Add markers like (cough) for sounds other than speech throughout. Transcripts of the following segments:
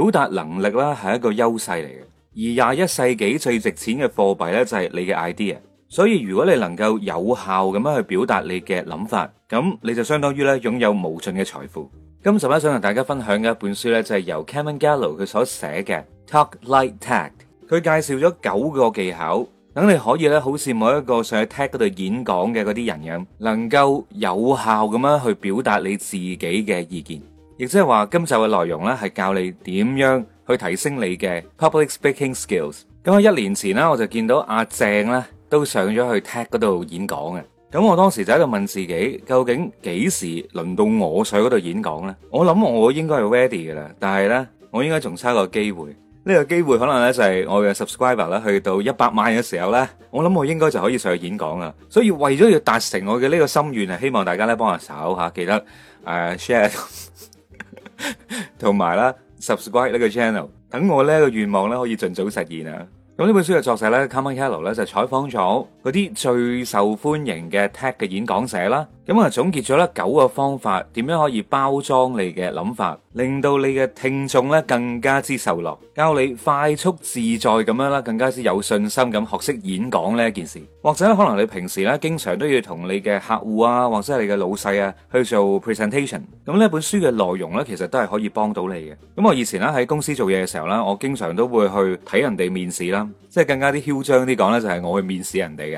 表達能力咧係一個優勢嚟嘅，而廿一世紀最值錢嘅貨幣咧就係你嘅 idea。所以如果你能夠有效咁樣去表達你嘅諗法，咁你就相當於咧擁有無盡嘅財富。今集咧想同大家分享嘅一本書咧就係由 Carmine Gallo 佢所寫嘅 Talk Like TED，佢介紹咗九個技巧，等你可以咧好似某一個上去 TED 嗰度演講嘅嗰啲人樣，能夠有效咁樣去表達你自己嘅意見。亦即係話，今集嘅內容咧係教你點樣去提升你嘅 public speaking skills。咁喺一年前咧，我就見到阿鄭咧都上咗去 TED 嗰度演講嘅。咁我當時就喺度問自己，究竟幾時輪到我上嗰度演講咧？我諗我應該係 ready 噶啦，但係咧我應該仲差個機會。呢個機會可能咧就係我嘅 subscriber 咧去到一百萬嘅時候咧，我諗我應該就可以上去演講啦。所以為咗要達成我嘅呢個心願，希望大家咧幫下手吓，記得誒 share。同埋啦，subscribe 呢個 channel，等我呢個願望咧可以盡早實現啊！咁呢本書嘅作者咧，Carmine Gallo 咧就採訪咗。嗰啲最受歡迎嘅 TED 嘅演講者啦，咁啊總結咗咧九個方法，點樣可以包裝你嘅諗法，令到你嘅聽眾咧更加之受落，教你快速自在咁樣啦，更加之有信心咁學識演講呢一件事，或者可能你平時咧經常都要同你嘅客戶啊，或者係你嘅老細啊去做 presentation，咁呢本書嘅內容咧其實都係可以幫到你嘅。咁我以前咧喺公司做嘢嘅時候咧，我經常都會去睇人哋面試啦，即係更加啲囂張啲講咧，就係我去面試人哋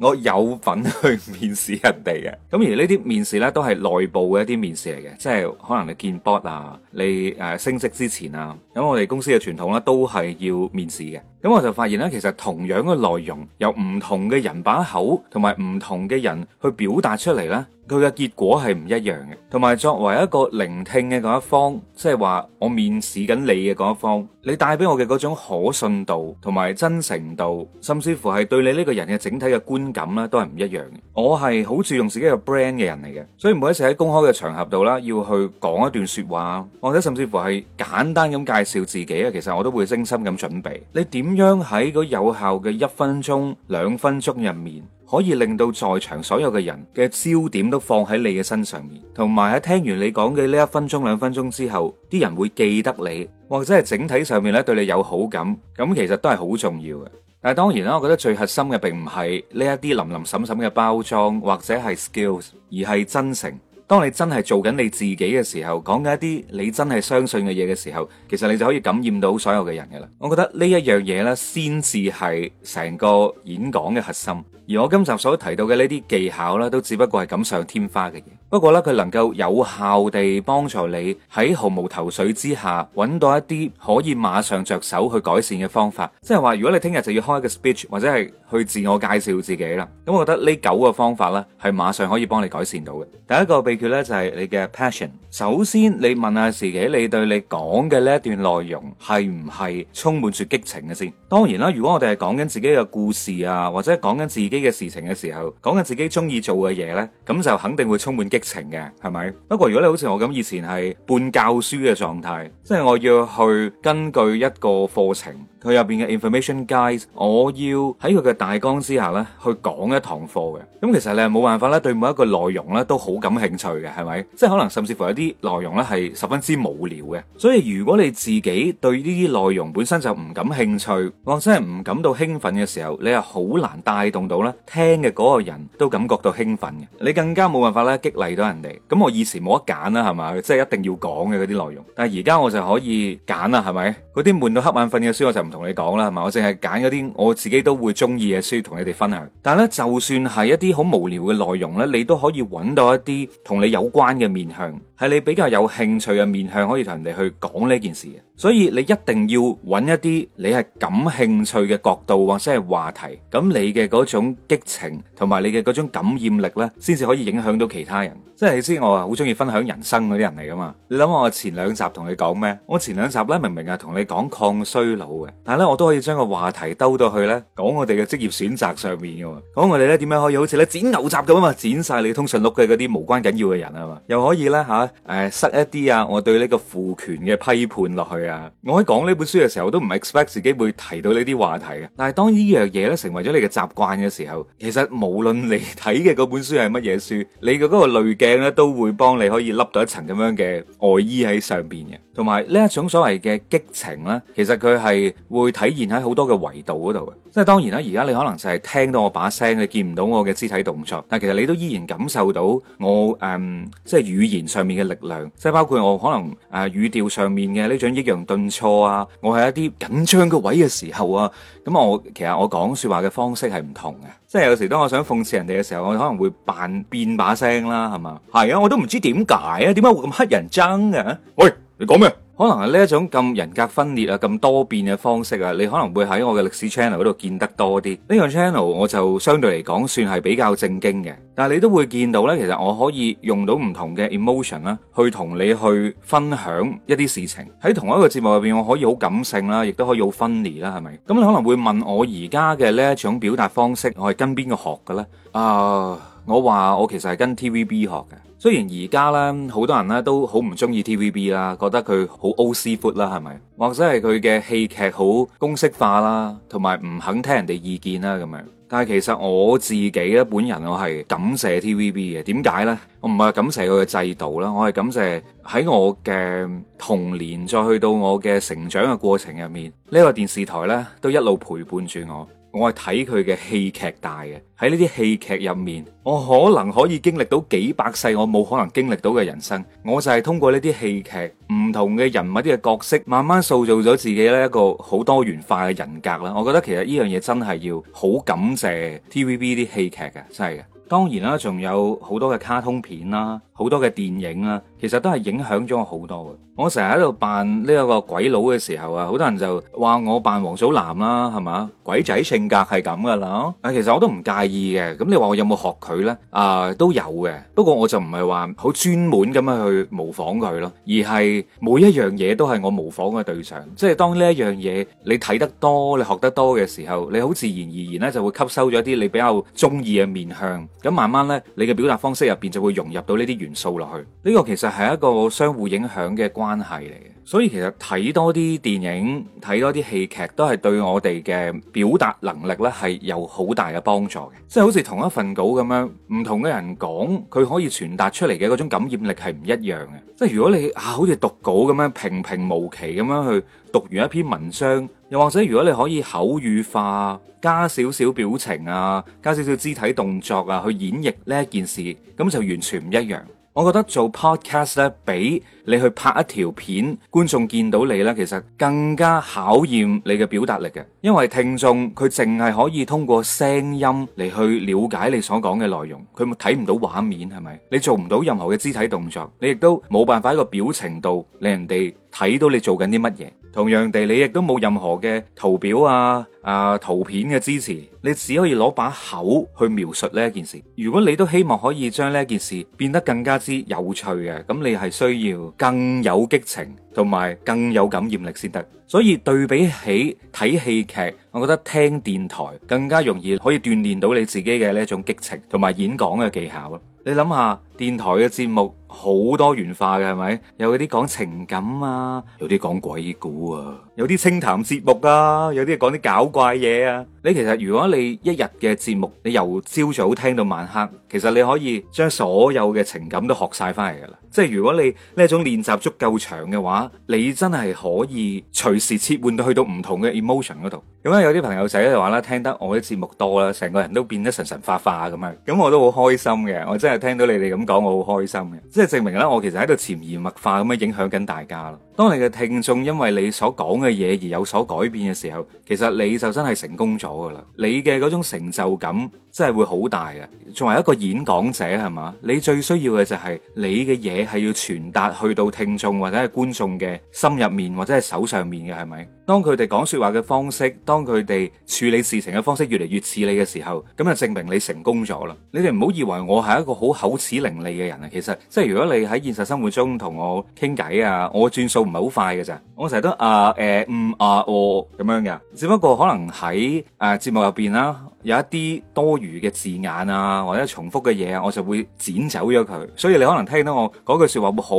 我有份去面試人哋嘅，咁而呢啲面試咧都係內部嘅一啲面試嚟嘅，即係可能你見 board 啊，你誒、啊、升職之前啊，咁我哋公司嘅傳統咧、啊、都係要面試嘅。咁我就發現咧，其實同樣嘅內容，有唔同嘅人把口同埋唔同嘅人去表達出嚟咧，佢嘅結果係唔一樣嘅。同埋作為一個聆聽嘅嗰一方，即係話我面試緊你嘅嗰一方，你帶俾我嘅嗰種可信度同埋真誠度，甚至乎係對你呢個人嘅整體嘅觀。咁咧都係唔一樣嘅。我係好注重自己嘅 brand 嘅人嚟嘅，所以每一次喺公開嘅場合度啦，要去講一段說話，或者甚至乎係簡單咁介紹自己啊，其實我都會精心咁準備。你點樣喺個有效嘅一分鐘、兩分鐘入面，可以令到在場所有嘅人嘅焦點都放喺你嘅身上面，同埋喺聽完你講嘅呢一分鐘、兩分鐘之後，啲人會記得你，或者係整體上面咧對你有好感，咁其實都係好重要嘅。但當然啦，我覺得最核心嘅，並唔係呢一啲淋淋沈沈嘅包裝或者係 skills，而係真誠。當你真係做緊你自己嘅時候，講緊一啲你真係相信嘅嘢嘅時候，其實你就可以感染到所有嘅人嘅啦。我覺得呢一樣嘢呢，先至係成個演講嘅核心。而我今集所提到嘅呢啲技巧咧，都只不過係錦上添花嘅嘢。不過咧，佢能夠有效地幫助你喺毫無頭緒之下揾到一啲可以馬上着手去改善嘅方法。即係話，如果你聽日就要開個 speech 或者係去自我介紹自己啦，咁、嗯、我覺得呢九個方法咧係馬上可以幫你改善到嘅。第一個秘訣咧就係、是、你嘅 passion。首先，你問下自己，你對你講嘅呢一段內容係唔係充滿住激情嘅先？當然啦，如果我哋係講緊自己嘅故事啊，或者講緊自己。呢個事情嘅時候，講緊自己中意做嘅嘢咧，咁就肯定會充滿激情嘅，係咪？不過如果你好似我咁以前係半教書嘅狀態，即係我要去根據一個課程。佢入邊嘅 information guides，我要喺佢嘅大綱之下咧去講一堂課嘅。咁其實你係冇辦法咧，對每一個內容咧都好感興趣嘅，係咪？即係可能甚至乎有啲內容咧係十分之無聊嘅。所以如果你自己對呢啲內容本身就唔感興趣，或者係唔感到興奮嘅時候，你係好難帶動到咧聽嘅嗰個人都感覺到興奮嘅。你更加冇辦法咧激勵到人哋。咁我以前冇得揀啦，係嘛，即係一定要講嘅嗰啲內容。但係而家我就可以揀啦，係咪？嗰啲悶到瞌眼瞓嘅書我就。同你講啦，係嘛？我淨係揀嗰啲我自己都會中意嘅書同你哋分享。但係咧，就算係一啲好無聊嘅內容咧，你都可以揾到一啲同你有關嘅面向。係你比較有興趣嘅面向，可以同人哋去講呢件事嘅，所以你一定要揾一啲你係感興趣嘅角度或者係話題，咁你嘅嗰種激情同埋你嘅嗰種感染力呢，先至可以影響到其他人。即係你知我啊，好中意分享人生嗰啲人嚟噶嘛？你諗我前兩集同你講咩？我前兩集呢，明明係同你講抗衰老嘅，但係呢，我都可以將個話題兜到去呢，講我哋嘅職業選擇上面噶嘛，講我哋呢點樣可以好似呢剪牛雜咁啊嘛，剪晒你通訊錄嘅嗰啲無關緊要嘅人啊嘛，又可以呢。嚇、啊。誒，塞、呃、一啲啊！我對呢個父權嘅批判落去啊！我喺講呢本書嘅時候，我都唔係 expect 自己會提到呢啲話題嘅。但係當呢樣嘢咧成為咗你嘅習慣嘅時候，其實無論你睇嘅嗰本書係乜嘢書，你嘅嗰個濾鏡咧都會幫你可以笠到一層咁樣嘅外衣喺上邊嘅。同埋呢一種所謂嘅激情呢，其實佢係會體現喺好多嘅維度嗰度嘅。即係當然啦，而家你可能就係聽到我把聲，你見唔到我嘅肢體動作，但其實你都依然感受到我誒、嗯，即係語言上面。嘅力量，即係包括我可能誒、呃、語調上面嘅呢種抑揚頓挫啊，我係一啲緊張嘅位嘅時候啊，咁我其實我講說話嘅方式係唔同嘅，即係有時當我想諷刺人哋嘅時候，我可能會扮變把聲啦，係嘛？係啊，我都唔知點解啊，點解會咁乞人憎嘅，啊，喂。你講咩？可能係呢一種咁人格分裂啊，咁多變嘅方式啊，你可能會喺我嘅歷史 channel 嗰度見得多啲。呢個 channel 我就相對嚟講算係比較正經嘅，但係你都會見到呢，其實我可以用到唔同嘅 emotion 啦，去同你去分享一啲事情。喺同一個節目入邊，我可以好感性啦，啊，亦都可以好分裂啦，係咪？咁你可能會問我而家嘅呢一種表達方式，我係跟邊個學嘅呢？啊，uh，我話我其實係跟 TVB 學嘅。雖然而家咧，好多人咧都好唔中意 TVB 啦，覺得佢好 old seafood 啦，係咪？或者係佢嘅戲劇好公式化啦，同埋唔肯聽人哋意見啦咁樣。但係其實我自己咧，本人我係感謝 TVB 嘅。點解呢？我唔係感謝佢嘅制度啦，我係感謝喺我嘅童年再去到我嘅成長嘅過程入面，呢個電視台呢，都一路陪伴住我。我係睇佢嘅戲劇大嘅，喺呢啲戲劇入面，我可能可以經歷到幾百世我冇可能經歷到嘅人生，我就係通過呢啲戲劇唔同嘅人物啲嘅角色，慢慢塑造咗自己咧一個好多元化嘅人格啦。我覺得其實呢樣嘢真係要好感謝 TVB 啲戲劇嘅，真係嘅。當然啦，仲有好多嘅卡通片啦、啊。好多嘅電影啦，其實都係影響咗我好多嘅。我成日喺度扮呢個鬼佬嘅時候啊，好多人就話我扮王祖藍啦，係嘛？鬼仔性格係咁噶啦。啊，其實我都唔介意嘅。咁你話我有冇學佢呢？啊，都有嘅。不過我就唔係話好專門咁樣去模仿佢咯，而係每一樣嘢都係我模仿嘅對象。即係當呢一樣嘢你睇得多，你學得多嘅時候，你好自然而然呢就會吸收咗啲你比較中意嘅面向。咁慢慢呢，你嘅表達方式入邊就會融入到呢啲原。數落去，呢個其實係一個相互影響嘅關係嚟嘅，所以其實睇多啲電影、睇多啲戲劇都係對我哋嘅表達能力咧係有好大嘅幫助嘅。即係好似同一份稿咁樣，唔同嘅人講，佢可以傳達出嚟嘅嗰種感染力係唔一樣嘅。即係如果你啊，好似讀稿咁樣平平無奇咁樣去讀完一篇文章，又或者如果你可以口語化，加少少表情啊，加少少肢體動作啊，去演繹呢一件事，咁就完全唔一樣。我覺得做 podcast 咧，比你去拍一條片，觀眾見到你咧，其實更加考驗你嘅表達力嘅，因為聽眾佢淨係可以通過聲音嚟去了解你所講嘅內容，佢睇唔到畫面，係咪？你做唔到任何嘅肢體動作，你亦都冇辦法喺個表情度，令人哋睇到你做緊啲乜嘢。同樣地你亦都冇任何嘅圖表啊、啊圖片嘅支持，你只可以攞把口去描述呢一件事。如果你都希望可以將呢一件事變得更加之有趣嘅，咁你係需要更有激情同埋更有感染力先得。所以對比起睇戲劇，我覺得聽電台更加容易可以鍛煉到你自己嘅呢一種激情同埋演講嘅技巧咯。你諗下？電台嘅節目好多元化嘅係咪？有嗰啲講情感啊，有啲講鬼故啊，有啲清談節目啊，有啲係講啲搞怪嘢啊。你其實如果你一日嘅節目，你由朝早聽到晚黑，其實你可以將所有嘅情感都學晒翻嚟㗎啦。即係如果你呢一種練習足夠長嘅話，你真係可以隨時切換到去到唔同嘅 emotion 嗰度。咁啊，有啲朋友仔就話啦，聽得我啲節目多啦，成個人都變得神神化化咁樣。咁我都好開心嘅，我真係聽到你哋咁。講我好開心嘅，即係證明咧，我其實喺度潛移默化咁樣影響緊大家啦。當你嘅聽眾因為你所講嘅嘢，而有所改變嘅時候，其實你就真係成功咗噶啦。你嘅嗰種成就感。真係會好大嘅，作為一個演講者係嘛，你最需要嘅就係、是、你嘅嘢係要傳達去到聽眾或者係觀眾嘅心入面或者係手上面嘅係咪？當佢哋講說話嘅方式，當佢哋處理事情嘅方式越嚟越似你嘅時候，咁就證明你成功咗啦。你哋唔好以為我係一個好口齒伶俐嘅人啊，其實即係如果你喺現實生活中同我傾偈啊，我轉數唔係好快嘅咋，我成日都啊誒唔啊哦咁樣嘅，只不過可能喺誒節目入邊啦。啊有一啲多餘嘅字眼啊，或者重複嘅嘢啊，我就會剪走咗佢。所以你可能聽到我嗰句説話會好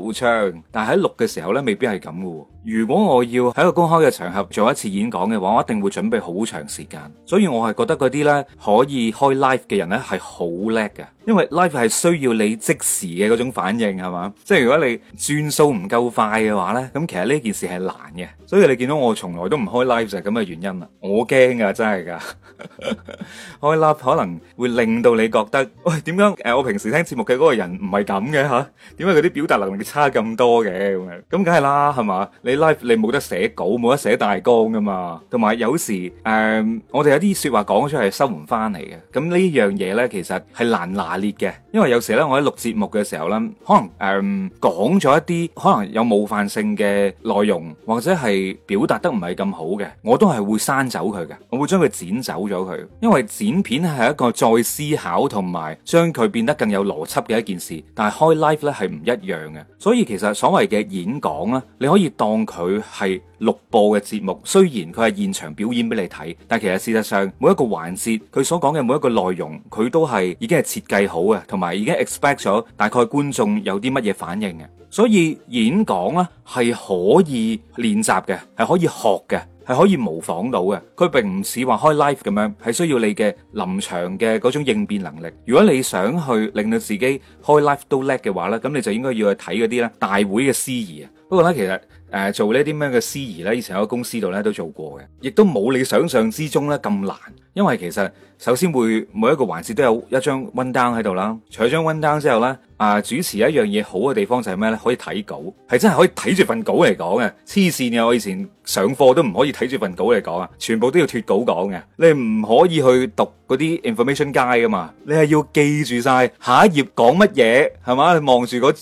流暢，但係喺錄嘅時候呢，未必係咁嘅。如果我要喺一個公開嘅場合做一次演講嘅話，我一定會準備好長時間。所以我係覺得嗰啲呢可以開 live 嘅人呢係好叻噶，因為 live 係需要你即時嘅嗰種反應係嘛。即係如果你轉數唔夠快嘅話呢，咁其實呢件事係難嘅。所以你見到我從來都唔開 live 就係咁嘅原因啦。我驚噶，真係噶， (laughs) 開 live 可能會令到你覺得喂，點解誒我平時聽節目嘅嗰個人唔係咁嘅吓？點解佢啲表達能力差咁多嘅咁？咁梗係啦，係嘛你？live 你冇得寫稿，冇得寫大綱噶嘛，同埋有時誒，我哋有啲說話講出係收唔翻嚟嘅，咁呢樣嘢呢其實係難拿捏嘅，因為有時呢我喺錄節目嘅時候呢，可能誒講咗一啲可能有冒犯性嘅內容，或者係表達得唔係咁好嘅，我都係會刪走佢嘅，我會將佢剪走咗佢，因為剪片係一個再思考同埋將佢變得更有邏輯嘅一件事，但係開 live 呢係唔一樣嘅，所以其實所謂嘅演講呢，你可以當。佢係錄播嘅節目，雖然佢係現場表演俾你睇，但其實事實上每一個環節佢所講嘅每一個內容，佢都係已經係設計好嘅，同埋已經 expect 咗大概觀眾有啲乜嘢反應嘅。所以演講咧係可以練習嘅，係可以學嘅，係可以模仿到嘅。佢並唔似話開 live 咁樣，係需要你嘅臨場嘅嗰種應變能力。如果你想去令到自己開 live 都叻嘅話咧，咁你就應該要去睇嗰啲咧大會嘅司儀啊。不過咧，其實。誒、啊、做呢啲咩嘅司儀呢？以前喺公司度呢都做過嘅，亦都冇你想象之中呢咁難。因為其實首先會每一個環節都有一張 rundown 喺度啦。除咗張 rundown 之後呢，啊主持一樣嘢好嘅地方就係咩呢？可以睇稿，係真係可以睇住份稿嚟講嘅。黐線嘅，我以前上課都唔可以睇住份稿嚟講啊，全部都要脫稿講嘅。你唔可以去讀嗰啲 information 街㗎嘛，你係要記住晒下一頁講乜嘢係嘛，望住嗰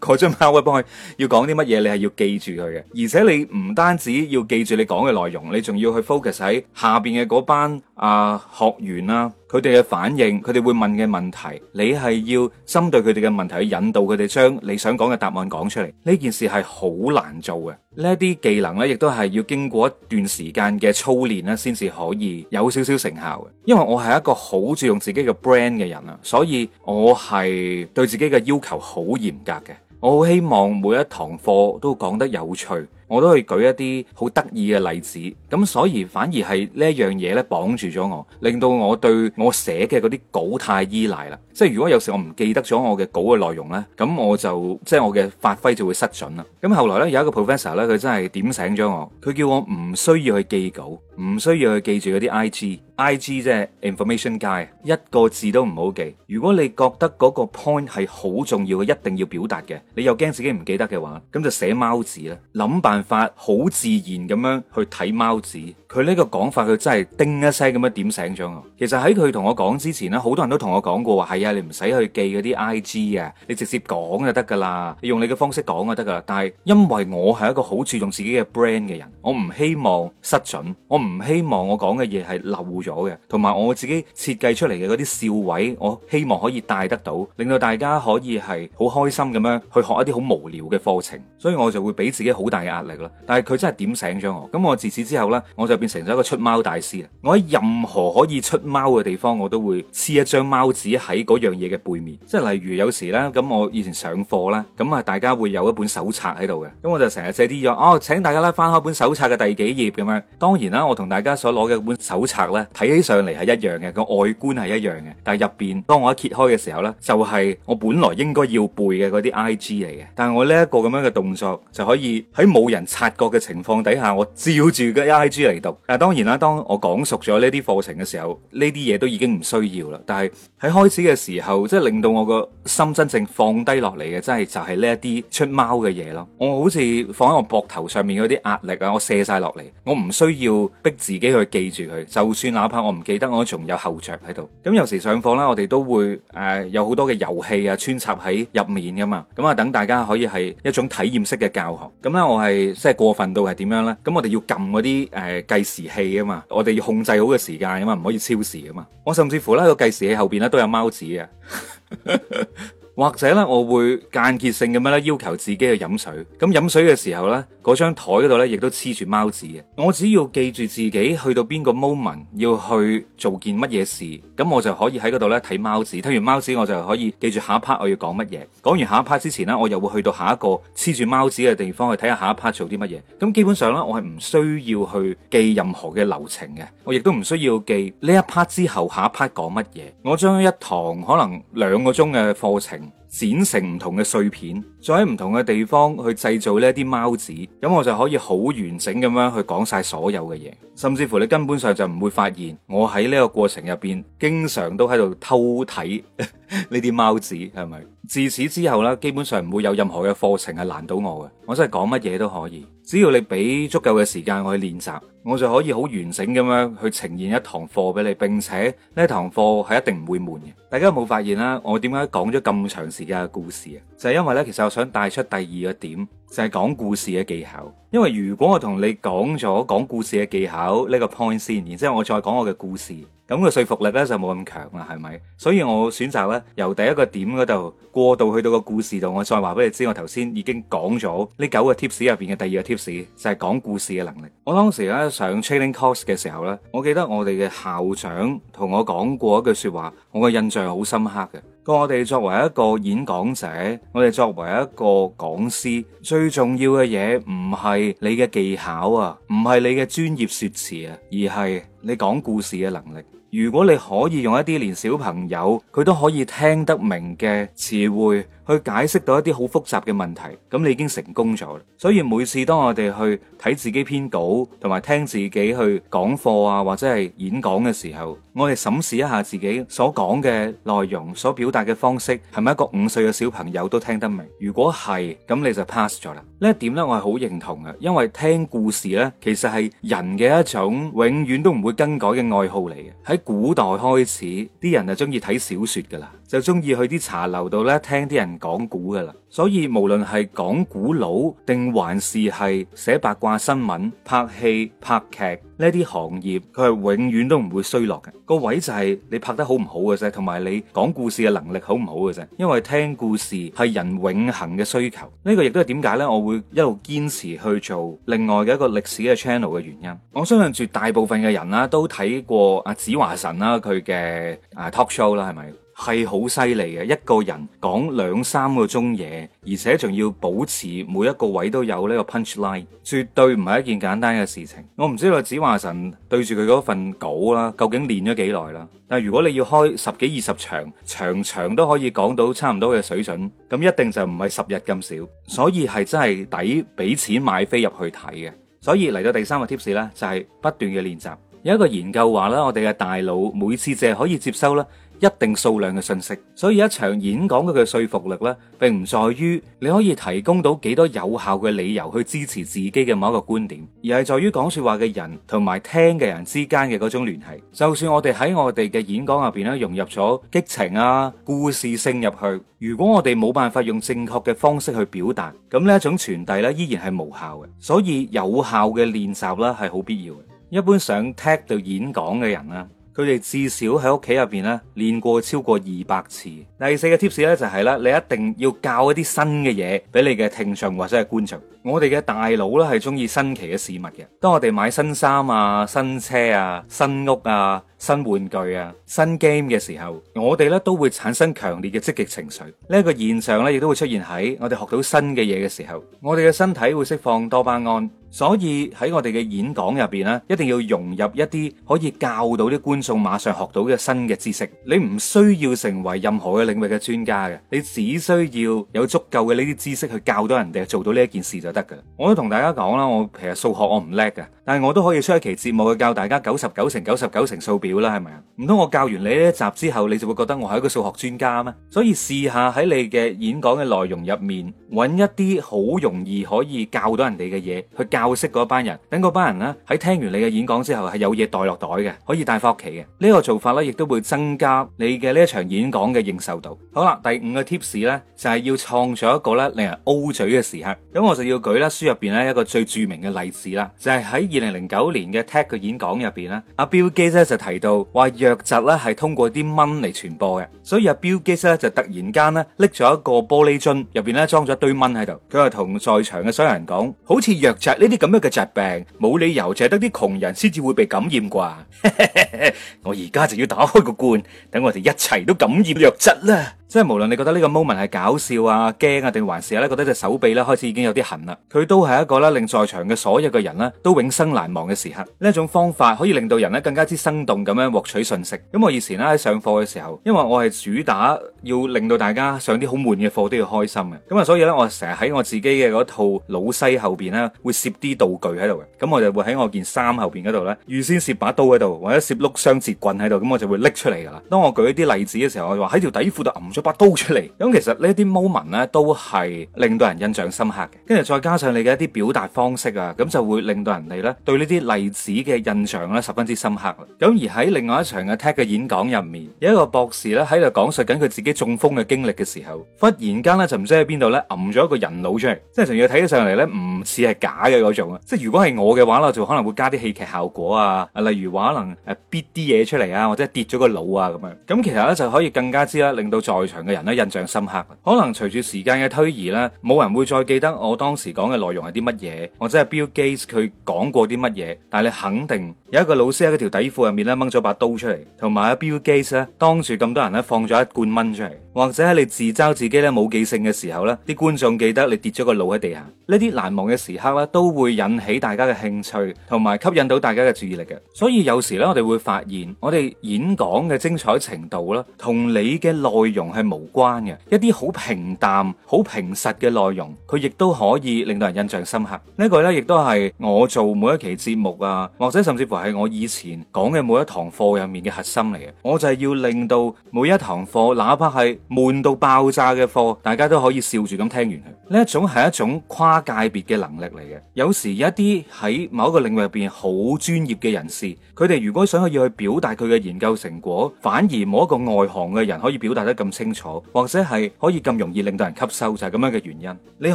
嗰張貓幫佢要講啲乜嘢，你係要記住。而且你唔單止要記住你講嘅內容，你仲要去 focus 喺下邊嘅嗰班啊、呃、學員啦、啊，佢哋嘅反應，佢哋會問嘅問題，你係要針對佢哋嘅問題去引導佢哋，將你想講嘅答案講出嚟。呢件事係好難做嘅，呢啲技能咧，亦都係要經過一段時間嘅操練咧，先至可以有少少成效嘅。因為我係一個好注重自己嘅 brand 嘅人啊，所以我係對自己嘅要求好嚴格嘅。我好希望每一堂課都講得有趣。我都去舉一啲好得意嘅例子，咁所以反而係呢一樣嘢咧綁住咗我，令到我對我寫嘅嗰啲稿太依賴啦。即係如果有時我唔記得咗我嘅稿嘅內容呢，咁我就即係我嘅發揮就會失準啦。咁後來呢，有一個 professor 呢，佢真係點醒咗我，佢叫我唔需要去記稿，唔需要去記住嗰啲 I G I G 即係 information gist，一個字都唔好記。如果你覺得嗰個 point 係好重要嘅，一定要表達嘅，你又驚自己唔記得嘅話，咁就寫貓字啦，諗辦辦法好自然咁樣去睇貓子，佢呢個講法佢真係叮一聲咁樣點醒咗我。其實喺佢同我講之前咧，好多人都同我講過話係啊，你唔使去記嗰啲 IG 啊，你直接講就得噶啦，你用你嘅方式講就得噶啦。但係因為我係一個好注重自己嘅 brand 嘅人，我唔希望失準，我唔希望我講嘅嘢係漏咗嘅，同埋我自己設計出嚟嘅嗰啲笑位，我希望可以帶得到，令到大家可以係好開心咁樣去學一啲好無聊嘅課程，所以我就會俾自己好大嘅壓力。嚟咯！但係佢真係點醒咗我，咁我自此之後呢，我就變成咗一個出貓大師啊！我喺任何可以出貓嘅地方，我都會黐一張貓紙喺嗰樣嘢嘅背面。即係例如有時呢，咁我以前上課啦，咁啊大家會有一本手冊喺度嘅，咁我就成日借啲咗哦，請大家呢翻開本手冊嘅第幾頁咁樣。當然啦，我同大家所攞嘅本手冊呢，睇起上嚟係一樣嘅，個外觀係一樣嘅，但係入邊當我一揭開嘅時候呢，就係我本來應該要背嘅嗰啲 IG 嚟嘅。但係我呢一個咁樣嘅動作就可以喺冇人人察覺嘅情況底下，我照住個 IG 嚟讀。但當然啦，當我講熟咗呢啲課程嘅時候，呢啲嘢都已經唔需要啦。但係喺開始嘅時候，即係令到我個心真正放低落嚟嘅，真係就係呢一啲出貓嘅嘢咯。我好似放喺我膊頭上面嗰啲壓力啊，我卸晒落嚟，我唔需要逼自己去記住佢。就算哪怕我唔記得，我仲有後着喺度。咁有時上課呢，我哋都會誒、呃、有好多嘅遊戲啊穿插喺入面噶嘛。咁啊，等大家可以係一種體驗式嘅教學。咁咧，我係。即係過分到係點樣呢？咁我哋要撳嗰啲誒計時器啊嘛，我哋要控制好個時間啊嘛，唔可以超時啊嘛。我甚至乎呢個計時器後邊咧都有貓子嘅， (laughs) 或者呢，我會間歇性咁樣咧要求自己去飲水。咁飲水嘅時候呢。嗰張台嗰度咧，亦都黐住貓紙嘅。我只要記住自己去到邊個 moment 要去做件乜嘢事，咁我就可以喺嗰度咧睇貓紙。睇完貓紙，我就可以記住下一 part 我要講乜嘢。講完下一 part 之前咧，我又會去到下一個黐住貓紙嘅地方去睇下下一 part 做啲乜嘢。咁基本上咧，我係唔需要去記任何嘅流程嘅。我亦都唔需要記呢一 part 之後下一 part 講乜嘢。我將一堂可能兩個鐘嘅課程，剪成唔同嘅碎片，再喺唔同嘅地方去製造呢啲貓紙，咁我就可以好完整咁樣去講晒所有嘅嘢，甚至乎你根本上就唔會發現我喺呢個過程入邊，經常都喺度偷睇。 (laughs) 呢啲貓子係咪？自此之後咧，基本上唔會有任何嘅課程係難到我嘅。我真係講乜嘢都可以，只要你俾足夠嘅時間我去練習，我就可以好完整咁樣去呈現一堂課俾你，並且呢堂課係一定唔會悶嘅。大家有冇發現咧？我點解講咗咁長時間嘅故事啊？就係因為呢，其實我想帶出第二個點，就係講故事嘅技巧。因為如果我同你講咗講故事嘅技巧呢個 point 先，然之後我再講我嘅故事。咁個說服力咧就冇咁強啦，係咪？所以我選擇咧由第一個點嗰度過渡去到個故事度，我再話俾你知，我頭先已經講咗呢九個 tips 入邊嘅第二個 tips 就係講故事嘅能力。我當時咧上 training course 嘅時候咧，我記得我哋嘅校長同我講過一句說話，我個印象好深刻嘅。我哋作為一個演講者，我哋作為一個講師，最重要嘅嘢唔係你嘅技巧啊，唔係你嘅專業說辭啊，而係你講故事嘅能力。如果你可以用一啲連小朋友佢都可以聽得明嘅詞彙去解釋到一啲好複雜嘅問題，咁你已經成功咗啦。所以每次當我哋去睇自己篇稿同埋聽自己去講課啊，或者係演講嘅時候，我哋審視一下自己所講嘅內容、所表達嘅方式，係咪一個五歲嘅小朋友都聽得明？如果係，咁你就 pass 咗啦。呢一點咧，我係好認同嘅，因為聽故事咧，其實係人嘅一種永遠都唔會更改嘅愛好嚟嘅喺。古代開始，啲人就中意睇小說噶啦，就中意去啲茶樓度咧聽啲人講古噶啦，所以無論係講古佬定還是係寫八卦新聞、拍戲拍劇。呢啲行業佢係永遠都唔會衰落嘅，個位就係你拍得好唔好嘅啫，同埋你講故事嘅能力好唔好嘅啫。因為聽故事係人永恆嘅需求，呢個亦都係點解呢，我會一路堅持去做另外嘅一個歷史嘅 channel 嘅原因。我相信住大部分嘅人啦、啊，都睇過阿子華神啦佢嘅啊 talk show 啦，係咪？係好犀利嘅，一個人講兩三個鐘嘢，而且仲要保持每一個位都有呢個 punch line，絕對唔係一件簡單嘅事情。我唔知道子華神對住佢嗰份稿啦，究竟練咗幾耐啦？但如果你要開十幾二十場，場場都可以講到差唔多嘅水準，咁一定就唔係十日咁少，所以係真係抵俾錢買飛入去睇嘅。所以嚟到第三個 tips 呢，就係不斷嘅練習。有一個研究話呢我哋嘅大腦每次淨係可以接收啦。一定數量嘅信息，所以一場演講佢嘅說服力咧，並唔在於你可以提供到幾多有效嘅理由去支持自己嘅某一個觀點，而係在於講說話嘅人同埋聽嘅人之間嘅嗰種聯繫。就算我哋喺我哋嘅演講入邊咧融入咗激情啊、故事性入去，如果我哋冇辦法用正確嘅方式去表達，咁呢一種傳遞咧依然係無效嘅。所以有效嘅練習咧係好必要嘅。一般想踢到演講嘅人啦。佢哋至少喺屋企入邊咧，練過超過二百次。第四個 tips 咧就係咧，你一定要教一啲新嘅嘢俾你嘅聽眾或者係觀眾。我哋嘅大腦咧係中意新奇嘅事物嘅。當我哋買新衫啊、新車啊、新屋啊、新玩具啊、新 game 嘅時候，我哋咧都會產生強烈嘅積極情緒。呢個現象咧亦都會出現喺我哋學到新嘅嘢嘅時候，我哋嘅身體會釋放多巴胺。所以喺我哋嘅演講入邊咧，一定要融入一啲可以教到啲觀眾馬上學到嘅新嘅知識，你唔需要成為任何嘅領域嘅專家嘅，你只需要有足夠嘅呢啲知識去教到人哋做到呢一件事就得噶啦，我都同大家講啦，我其實數學我唔叻嘅，但係我都可以出一期節目去教大家九十九乘九十九乘數表啦，係咪啊？唔通我教完你呢一集之後，你就會覺得我係一個數學專家咩？所以試下喺你嘅演講嘅內容入面，揾一啲好容易可以教到人哋嘅嘢去教。教識嗰班人，等嗰班人咧喺聽完你嘅演講之後係有嘢袋落袋嘅，可以帶翻屋企嘅。呢個做法咧，亦都會增加你嘅呢一場演講嘅認受度。好啦，第五個 tips 咧就係要創造一個咧令人 O 嘴嘅時刻。咁我就要舉啦書入邊咧一個最著名嘅例子啦，就係喺二零零九年嘅 TED 嘅演講入邊咧，阿 Bill Gates 咧就提到話瘧疾咧係通過啲蚊嚟傳播嘅，所以阿 Bill Gates 咧就突然間咧拎咗一個玻璃樽，入邊咧裝咗一堆蚊喺度。佢係同在場嘅所有人講，好似瘧疾呢啲。咁樣嘅疾病，冇理由淨係得啲窮人先至會被感染啩。 (laughs) 我而家就要打開個罐，等我哋一齊都感染藥質啦。即係無論你覺得呢個 moment 係搞笑啊、驚啊，定還是呢覺得隻手臂呢開始已經有啲痕啦，佢都係一個呢令在場嘅所有嘅人呢都永生難忘嘅時刻。呢一種方法可以令到人呢更加之生動咁樣獲取信息。咁、嗯、我以前呢喺上課嘅時候，因為我係主打要令到大家上啲好悶嘅課都要開心嘅，咁、嗯、啊所以呢我成日喺我自己嘅嗰套老西後邊呢會攝啲道具喺度嘅，咁、嗯、我就會喺我件衫後邊嗰度呢，預先攝把刀喺度，或者攝碌雙截棍喺度，咁、嗯、我就會拎出嚟噶啦。當我舉一啲例子嘅時候，我就話喺條底褲度。咗把刀出嚟。咁其實呢啲 moment 咧都係令到人印象深刻嘅，跟住再加上你嘅一啲表達方式啊，咁就會令到人哋呢對呢啲例子嘅印象咧十分之深刻。咁而喺另外一場嘅 TED 嘅演講入面，有一個博士呢喺度講述緊佢自己中風嘅經歷嘅時候，忽然間呢，就唔知喺邊度呢，揞咗一個人腦出嚟，即係仲要睇起上嚟呢，唔似係假嘅嗰種啊！即係如果係我嘅話啦，就可能會加啲戲劇效果啊，例如話可能逼啲嘢出嚟啊，或者跌咗個腦啊咁樣。咁其實呢，就可以更加之啦，令到在場嘅人咧印象深刻，可能隨住時間嘅推移咧，冇人會再記得我當時講嘅內容係啲乜嘢，或者係 Bill Gates 佢講過啲乜嘢，但係你肯定有一個老師喺嗰條底褲入面咧掹咗把刀出嚟，同埋阿 Bill Gates 咧當住咁多人咧放咗一罐蚊出嚟。或者喺你自嘲自己咧冇記性嘅時候，呢啲觀眾記得你跌咗個腦喺地下，呢啲難忘嘅時刻咧，都會引起大家嘅興趣，同埋吸引到大家嘅注意力嘅。所以有時呢，我哋會發現，我哋演講嘅精彩程度咧，同你嘅內容係無關嘅。一啲好平淡、好平實嘅內容，佢亦都可以令到人印象深刻。呢、呢個呢，亦都係我做每一期節目啊，或者甚至乎係我以前講嘅每一堂課入面嘅核心嚟嘅。我就係要令到每一堂課，哪怕係。悶到爆炸嘅課，大家都可以笑住咁聽完佢。呢一種係一種跨界別嘅能力嚟嘅。有時有一啲喺某一個領域入邊好專業嘅人士，佢哋如果想要去表達佢嘅研究成果，反而冇一個外行嘅人可以表達得咁清楚，或者係可以咁容易令到人吸收，就係咁樣嘅原因。你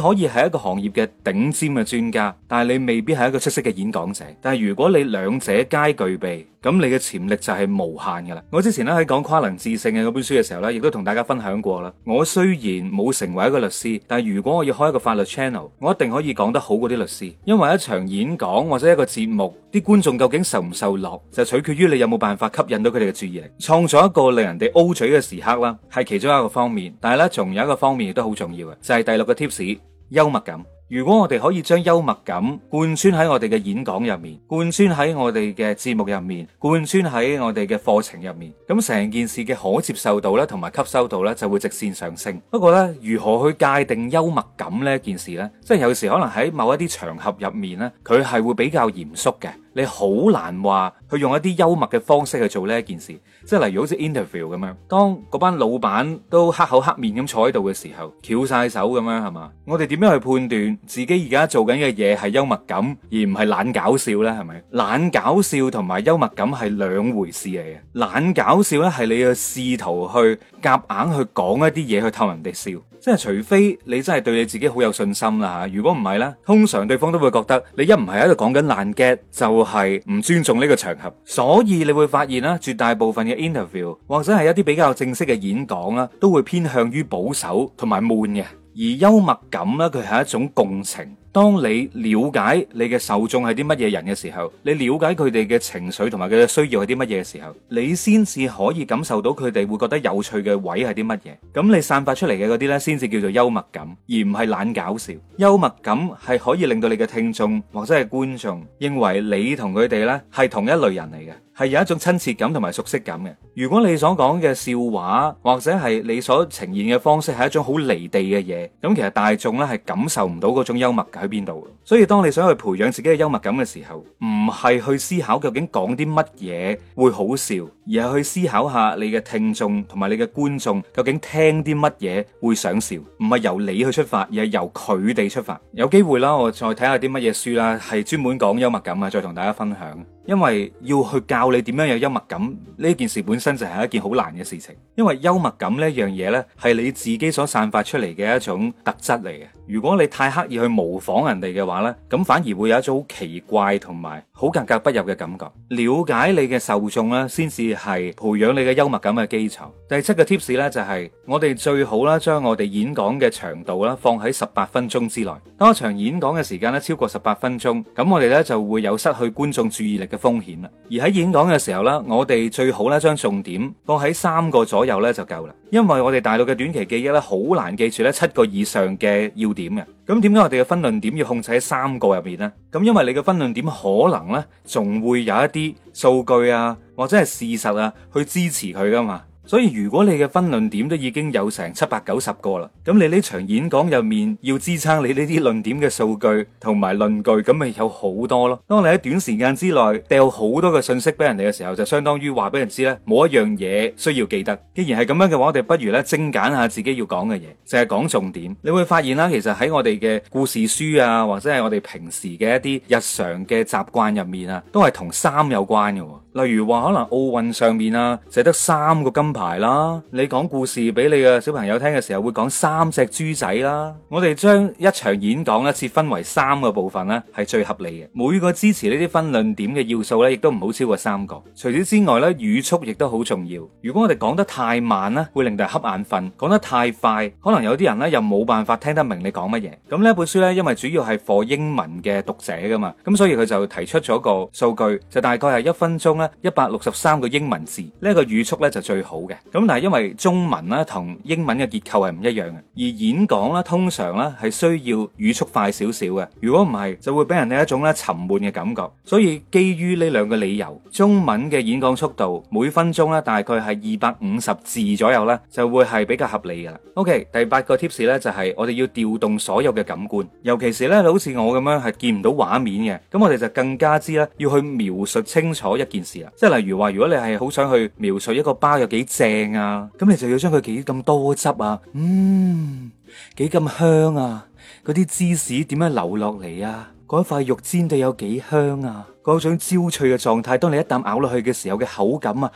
可以係一個行業嘅頂尖嘅專家，但係你未必係一個出色嘅演講者。但係如果你兩者皆具備。咁你嘅潛力就係無限噶啦！我之前咧喺講跨能致勝嘅嗰本書嘅時候咧，亦都同大家分享過啦。我雖然冇成為一個律師，但係如果我要開一個法律 channel，我一定可以講得好過啲律師。因為一場演講或者一個節目，啲觀眾究竟受唔受落，就取決於你有冇辦法吸引到佢哋嘅注意力，創造一個令人哋 O 嘴嘅時刻啦，係其中一個方面。但係咧，仲有一個方面亦都好重要嘅，就係第六個 tips：幽默感。如果我哋可以將幽默感貫穿喺我哋嘅演講入面，貫穿喺我哋嘅節目入面，貫穿喺我哋嘅課程入面，咁成件事嘅可接受度咧，同埋吸收度咧就會直線上升。不過咧，如何去界定幽默感呢件事呢？即係有時可能喺某一啲場合入面呢，佢係會比較嚴肅嘅。你好難話去用一啲幽默嘅方式去做呢一件事，即係例如好似 interview 咁樣，當嗰班老闆都黑口黑面咁坐喺度嘅時候，翹晒手咁樣係嘛？我哋點樣去判斷自己而家做緊嘅嘢係幽默感而唔係懶搞笑呢？係咪懶搞笑同埋幽默感係兩回事嚟嘅？懶搞笑呢，係你去試圖去夾硬去講一啲嘢去逗人哋笑。即係除非你真係對你自己好有信心啦吓，如果唔係呢，通常對方都會覺得你一唔係喺度講緊爛 get，就係唔尊重呢個場合。所以你會發現啦，絕大部分嘅 interview 或者係一啲比較正式嘅演講啦，都會偏向於保守同埋悶嘅，而幽默感呢，佢係一種共情。當你了解你嘅受眾係啲乜嘢人嘅時候，你了解佢哋嘅情緒同埋佢嘅需要係啲乜嘢嘅時候，你先至可以感受到佢哋會覺得有趣嘅位係啲乜嘢。咁你散發出嚟嘅嗰啲呢，先至叫做幽默感，而唔係懶搞笑。幽默感係可以令到你嘅聽眾或者係觀眾認為你同佢哋呢係同一類人嚟嘅。係有一種親切感同埋熟悉感嘅。如果你所講嘅笑話或者係你所呈現嘅方式係一種好離地嘅嘢，咁其實大眾呢係感受唔到嗰種幽默感喺邊度。所以當你想去培養自己嘅幽默感嘅時候，唔係去思考究竟講啲乜嘢會好笑，而係去思考下你嘅聽眾同埋你嘅觀眾究竟聽啲乜嘢會想笑，唔係由你去出發，而係由佢哋出發。有機會啦，我再睇下啲乜嘢書啦，係專門講幽默感啊，再同大家分享。因為要去教你點樣有幽默感，呢件事本身就係一件好難嘅事情，因為幽默感呢一樣嘢呢，係你自己所散發出嚟嘅一種特質嚟嘅。如果你太刻意去模仿人哋嘅話呢，咁反而會有一種奇怪同埋好格格不入嘅感覺。了解你嘅受眾咧，先至係培養你嘅幽默感嘅基礎。第七個 tips 咧就係，我哋最好啦，將我哋演講嘅長度啦放喺十八分鐘之內。當場演講嘅時間呢超過十八分鐘，咁我哋呢就會有失去觀眾注意力嘅風險啦。而喺演講嘅時候咧，我哋最好咧將重點放喺三個左右呢就夠啦。因為我哋大陸嘅短期記憶咧，好難記住咧七個以上嘅要點嘅。咁點解我哋嘅分論點要控制喺三個入面咧？咁因為你嘅分論點可能咧，仲會有一啲數據啊，或者係事實啊，去支持佢噶嘛。所以如果你嘅分論點都已經有成七百九十個啦，咁你呢場演講入面要支撐你呢啲論點嘅數據同埋論據，咁咪有好多咯。當你喺短時間之內掉好多嘅信息俾人哋嘅時候，就相當於話俾人知呢，冇一樣嘢需要記得。既然係咁樣嘅話，我哋不如咧精簡下自己要講嘅嘢，淨係講重點。你會發現啦，其實喺我哋嘅故事書啊，或者係我哋平時嘅一啲日常嘅習慣入面啊，都係同三有關嘅。例如話可能奧運上面啊，淨得三個金。排啦，你講故事俾你嘅小朋友聽嘅時候，會講三隻豬仔啦。我哋將一場演講咧，切分為三個部分咧，係最合理嘅。每個支持呢啲分論點嘅要素咧，亦都唔好超過三個。除此之外咧，語速亦都好重要。如果我哋講得太慢咧，會令到人瞌眼瞓；講得太快，可能有啲人咧又冇辦法聽得明你講乜嘢。咁呢本書咧，因為主要係 for 英文嘅讀者噶嘛，咁所以佢就提出咗個數據，就大概係一分鐘咧一百六十三個英文字。呢個語速咧就最好。嘅咁，但係因為中文咧同英文嘅結構係唔一樣嘅，而演講咧通常咧係需要語速快少少嘅，如果唔係就會俾人哋一種咧沉悶嘅感覺。所以基於呢兩個理由，中文嘅演講速度每分鐘咧大概係二百五十字左右咧，就會係比較合理嘅啦。OK，第八個 tips 咧就係我哋要調動所有嘅感官，尤其是咧好似我咁樣係見唔到畫面嘅，咁我哋就更加之咧要去描述清楚一件事啦。即係例如話，如果你係好想去描述一個包有幾？正啊！咁你就要將佢幾咁多汁啊，嗯，幾咁香啊！嗰啲芝士點樣流落嚟啊？嗰塊肉煎到有幾香啊？嗰種焦脆嘅狀態，當你一啖咬落去嘅時候嘅口感啊，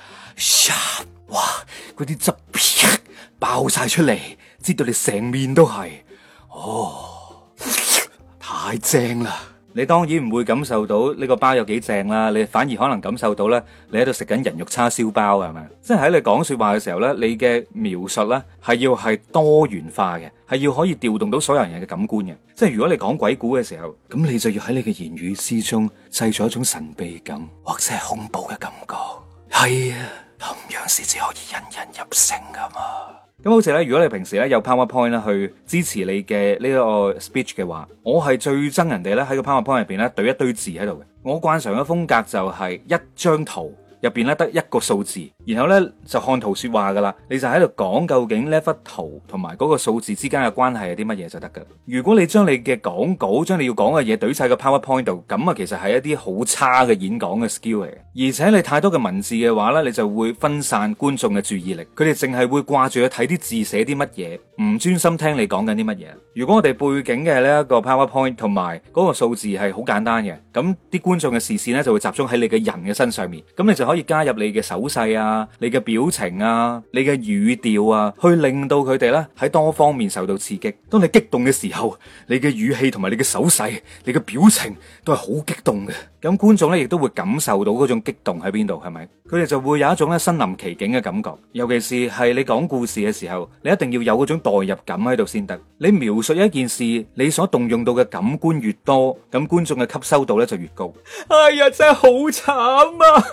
哇！嗰啲汁爆晒出嚟，直到你成面都係，哦，太正啦！你當然唔會感受到呢個包有幾正啦，你反而可能感受到呢，你喺度食緊人肉叉燒包啊，係咪？即係喺你講説話嘅時候呢，你嘅描述呢係要係多元化嘅，係要可以調動到所有人嘅感官嘅。即係如果你講鬼故嘅時候，咁你就要喺你嘅言語之中製造一種神秘感或者係恐怖嘅感覺。係啊，同樣先至可以引人入勝㗎嘛。咁好似咧，如果你平時咧有 PowerPoint 咧去支持你嘅呢個 speech 嘅話，我係最憎人哋咧喺個 PowerPoint 入邊咧懟一堆字喺度嘅。我慣常嘅風格就係一張圖入邊咧得一個數字。然後呢，就看圖說話噶啦，你就喺度講究竟呢幅圖同埋嗰個數字之間嘅關係係啲乜嘢就得噶。如果你將你嘅講稿，將你要講嘅嘢懟晒個 PowerPoint 度，咁啊其實係一啲好差嘅演講嘅 skill 嚟。而且你太多嘅文字嘅話呢，你就會分散觀眾嘅注意力，佢哋淨係會掛住去睇啲字寫啲乜嘢，唔專心聽你講緊啲乜嘢。如果我哋背景嘅呢一個 PowerPoint 同埋嗰個數字係好簡單嘅，咁啲觀眾嘅視線呢就會集中喺你嘅人嘅身上面，咁你就可以加入你嘅手勢啊。你嘅表情啊，你嘅語調啊，去令到佢哋咧喺多方面受到刺激。當你激動嘅時候，你嘅語氣同埋你嘅手勢、你嘅表情都係好激動嘅。咁觀眾咧亦都會感受到嗰種激動喺邊度，係咪？佢哋就會有一種咧身臨其境嘅感覺，尤其是係你講故事嘅時候，你一定要有嗰種代入感喺度先得。你描述一件事，你所動用到嘅感官越多，咁觀眾嘅吸收度咧就越高。哎呀，真係好慘啊！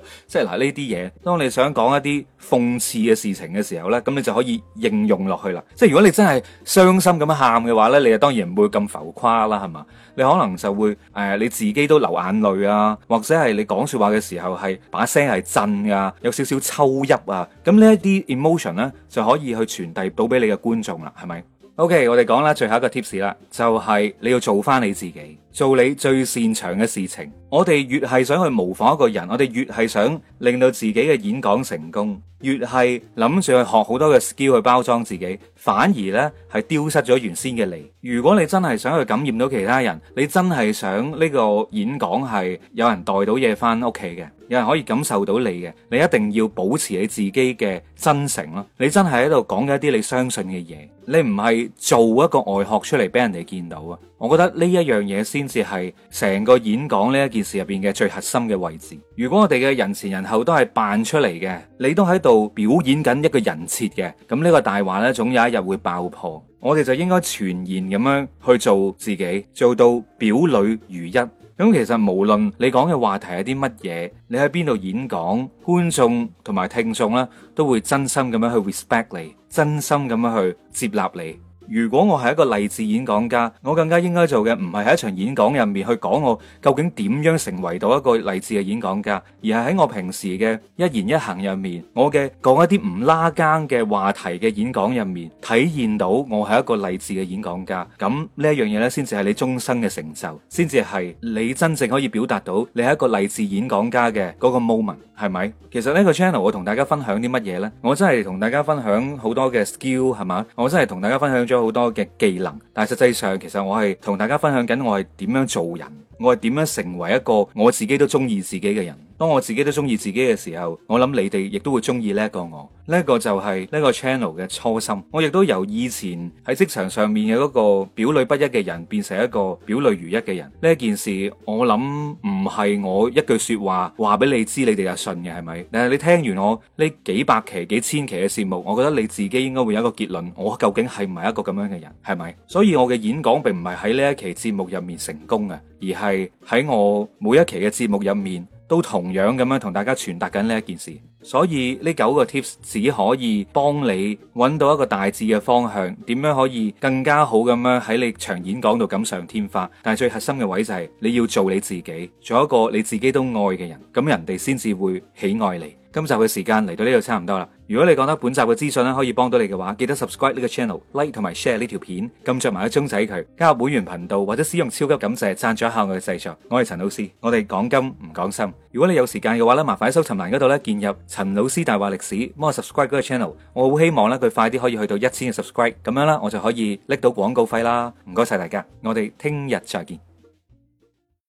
(laughs) 即係嗱，呢啲嘢，當你想講一啲諷刺嘅事情嘅時候咧，咁你就可以應用落去啦。即係如果你真係傷心咁樣喊嘅話咧，你啊當然唔會咁浮誇啦，係嘛？你可能就會誒、呃、你自己都流眼淚啊，或者係你講説話嘅時候係把聲係震㗎，有少少抽泣啊。咁呢一啲 emotion 呢，就可以去傳遞到俾你嘅觀眾啦，係咪？OK，我哋講啦，最後一個 tips 啦，就係、是、你要做返你自己。做你最擅長嘅事情，我哋越係想去模仿一個人，我哋越係想令到自己嘅演講成功，越係諗住去學好多嘅 skill 去包裝自己，反而呢係丟失咗原先嘅你。如果你真係想去感染到其他人，你真係想呢個演講係有人帶到嘢返屋企嘅，有人可以感受到你嘅，你一定要保持你自己嘅真誠咯。你真係喺度講緊一啲你相信嘅嘢，你唔係做一個外殼出嚟俾人哋見到啊。我覺得呢一樣嘢先。先至係成個演講呢一件事入邊嘅最核心嘅位置。如果我哋嘅人前人後都係扮出嚟嘅，你都喺度表演緊一個人設嘅，咁呢個大話呢，總有一日會爆破。我哋就應該全然咁樣去做自己，做到表裏如一。咁，嗯，其實無論你講嘅話題係啲乜嘢，你喺邊度演講，觀眾同埋聽眾呢，都會真心咁樣去 respect 你，真心咁樣去接納你。如果我係一個勵志演講家，我更加應該做嘅唔係喺一場演講入面去講我究竟點樣成為到一個勵志嘅演講家，而係喺我平時嘅一言一行入面，我嘅講一啲唔拉更嘅話題嘅演講入面，體現到我係一個勵志嘅演講家。咁呢一樣嘢呢，先至係你終身嘅成就，先至係你真正可以表達到你係一個勵志演講家嘅嗰個 moment，係咪？其實呢個 channel 我同大家分享啲乜嘢呢？我真係同大家分享好多嘅 skill，係嘛？我真係同大家分享咗。好多嘅技能，但係實際上，其實我係同大家分享緊，我係點樣做人。我係點樣成為一個我自己都中意自己嘅人？當我自己都中意自己嘅時候，我諗你哋亦都會中意呢一個我。呢一個就係呢個 channel 嘅初心。我亦都由以前喺職場上面嘅嗰個表裏不一嘅人，變成一個表裏如一嘅人。呢件事，我諗唔係我一句說話話俾你知你，你哋就信嘅係咪？但係你聽完我呢幾百期、幾千期嘅節目，我覺得你自己應該會有一個結論：我究竟係唔係一個咁樣嘅人？係咪？所以我嘅演講並唔係喺呢一期節目入面成功嘅。而係喺我每一期嘅節目入面，都同樣咁樣同大家傳達緊呢一件事。所以呢九個 tips 只可以幫你揾到一個大致嘅方向，點樣可以更加好咁樣喺你長演講度錦上添花。但係最核心嘅位就係，你要做你自己，做一個你自己都愛嘅人，咁人哋先至會喜愛你。今集嘅時間嚟到呢度差唔多啦。如果你覺得本集嘅資訊咧可以幫到你嘅話，記得 subscribe 呢個 channel，like 同埋 share 呢條片，撳着埋個鐘仔佢，加入會員頻道或者使用超級感謝贊助一下我嘅製作。我係陳老師，我哋講金唔講心。如果你有時間嘅話咧，麻煩喺搜尋欄嗰度咧加入陳老師大話歷史，幫我 subscribe 嗰個 channel。我好希望咧佢快啲可以去到一千 subscribe，咁樣啦，我就可以拎到廣告費啦。唔該晒大家，我哋聽日再見。